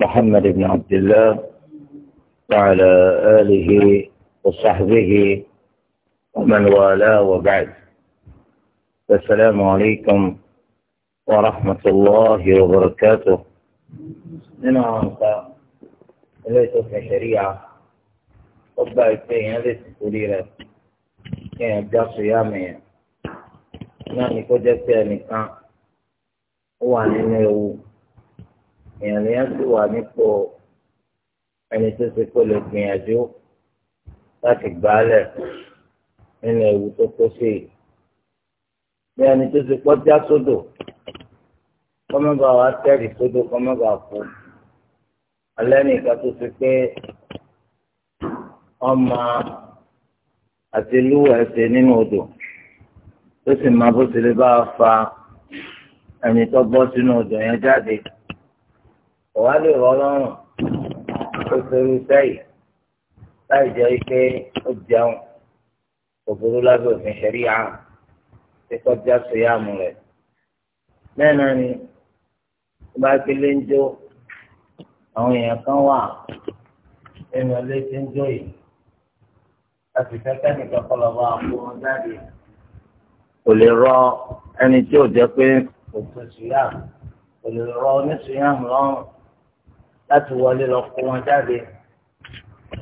محمد بن عبد الله وعلى آله وصحبه ومن والاه وبعد السلام عليكم ورحمة الله وبركاته من عمق ليس في شريعة وبعد كين ليس كبيرة كين يبقى صيامي نعني كجسي نكا هو عن النيو èèyàn lè yàn sí wà nípò ẹni tó ṣe kó lè gbìyànjú láti gbálẹ̀ nínú ewu tó kó sí i bí ẹni tó ṣe pọ́ já sódò kọ́mọ́bà wa tẹ́rì sódò kọ́mọ́bà kú alẹ́ nìkan tó ṣe pé ọmọ àti lúwọ̀ ẹsẹ̀ nínú odò tó sì máa bó ṣe lè bá a fa ẹni tó bọ́ sínú odò yẹn jáde ọ̀wá lè rọ lọ́rùn ó torí sẹ́yìn láì jẹ́ pé ó jẹun òbúrú lábẹ́ òfin ṣẹ̀rí à ti kọjá sọ́yàmù rẹ̀. bẹ́ẹ̀ náà ni tó bá gbélé ń jó àwọn èèyàn kan wà nínú ilé tí ń jó yìí láti fẹ́ kẹ́nìkan kọ́ lọ́wọ́ àpò wọn jáde kò lè rọ ẹni tí ò jẹ́ pé kò tó sọ́yàmù kò lè rọ oníṣòyàmù lọ́rùn láti wọlé lọ kó wọn jáde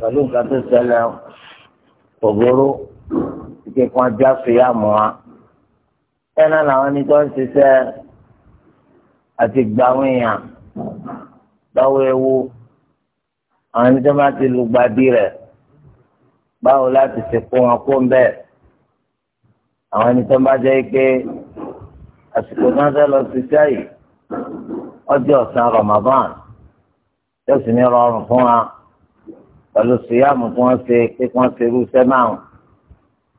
pẹ̀lú nǹkan tó ṣẹlẹ̀ ògbóró ike kan já fìyà mọ́ wa. ẹnà làwọn ní tó ń ṣiṣẹ́ àti gbàwọn èèyàn lọ́wọ́ ewu àwọn ní tó bá ti lùgbàdì rẹ̀ báwo láti sìnkú wọn kó ń bẹ́ẹ̀ àwọn ẹni tó bá jẹ́ pé àsìkò náà fẹ́ lọ ṣiṣẹ́ yìí ọjọ́ ọ̀sán Ramadan yóò sì ní rọrùn fún wa pẹ̀lú síyáàmù tí wọ́n ṣe pé kí wọ́n ṣe irú iṣẹ́ náà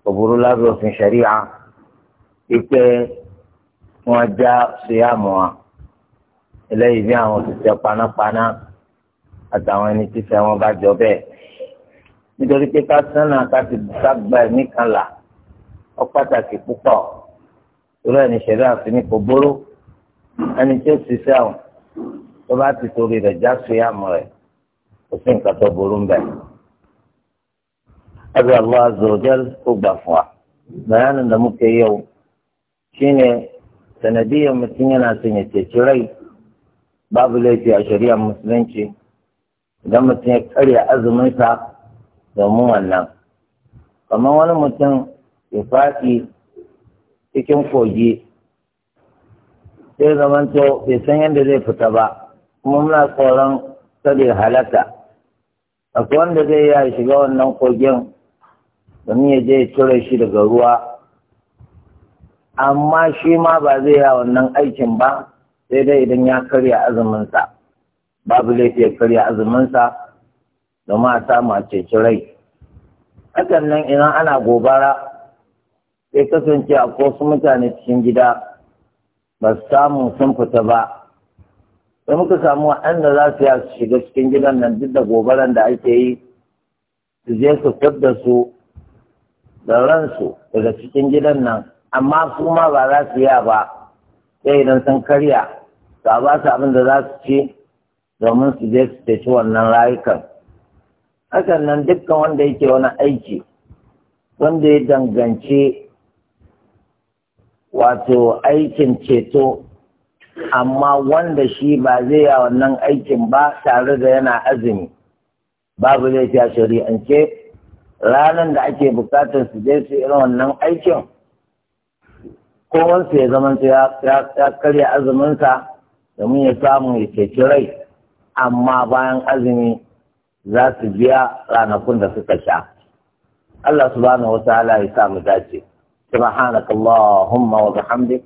kò burú lábẹ́ òfin ṣẹ̀ríà pípé wọ́n já síyáàmù wa eléyìí bí àwọn òṣìṣẹ́ panápaná àtàwọn ẹni tí fẹ́ wọn bá jọ bẹ́ẹ̀ nítorí pé ká sánà ká ti dágbà ẹ̀mí kan là pàtàkì púpọ̀ irú ẹni ṣẹ̀ríà fi ní kò bóró ẹni tí ó ṣiṣẹ́ àwọn. tó bá ti torí rẹ̀ já sí àmọ́ rẹ̀ kò sí nǹkan tó burú mbẹ́. Bayanin da muke yau shine sanadiyar mutum yana son ya ceci rai babu laifi a shari'ar musulunci idan mutum ya karya azuminsa domin wannan. Kamar wani mutum ya faɗi cikin kogi sai zamanto bai san yadda zai fita ba. kuma muna tsoron kada halatta akwai wanda zai ya shiga wannan kogin domin ya je ya cire shi daga ruwa amma shi ma ba zai ya wannan aikin ba sai dai idan ya karya azuminsa babu laifi ya karya azuminsa domin a samu a ceci rai hakan nan idan ana gobara sai kasance a wasu mutane cikin gida ba su samu sun fita ba sai muka samu waɗanda za su shiga cikin gidan nan duk da gobaran da ake yi su je su da su da ransu daga cikin gidan nan amma su ma ba za su yi ba sai idan sun karya su ba su abin da za su ci domin su je su ceci wannan rayukan hakan nan dukkan wanda yake wani aiki wanda ya danganci wato aikin ceto amma wanda shi ba zai yi wannan aikin ba tare da yana azumi babu zai fiya shari'ance ranar da ake bukatar su je su irin wannan aikin wansu ya zama ya karya azuminsa domin ya samu ya ceci rai amma bayan azumi za su biya ranakun da suka sha Allah subhanahu wa ta'ala ya samu dace subhanakallahumma wa bihamdika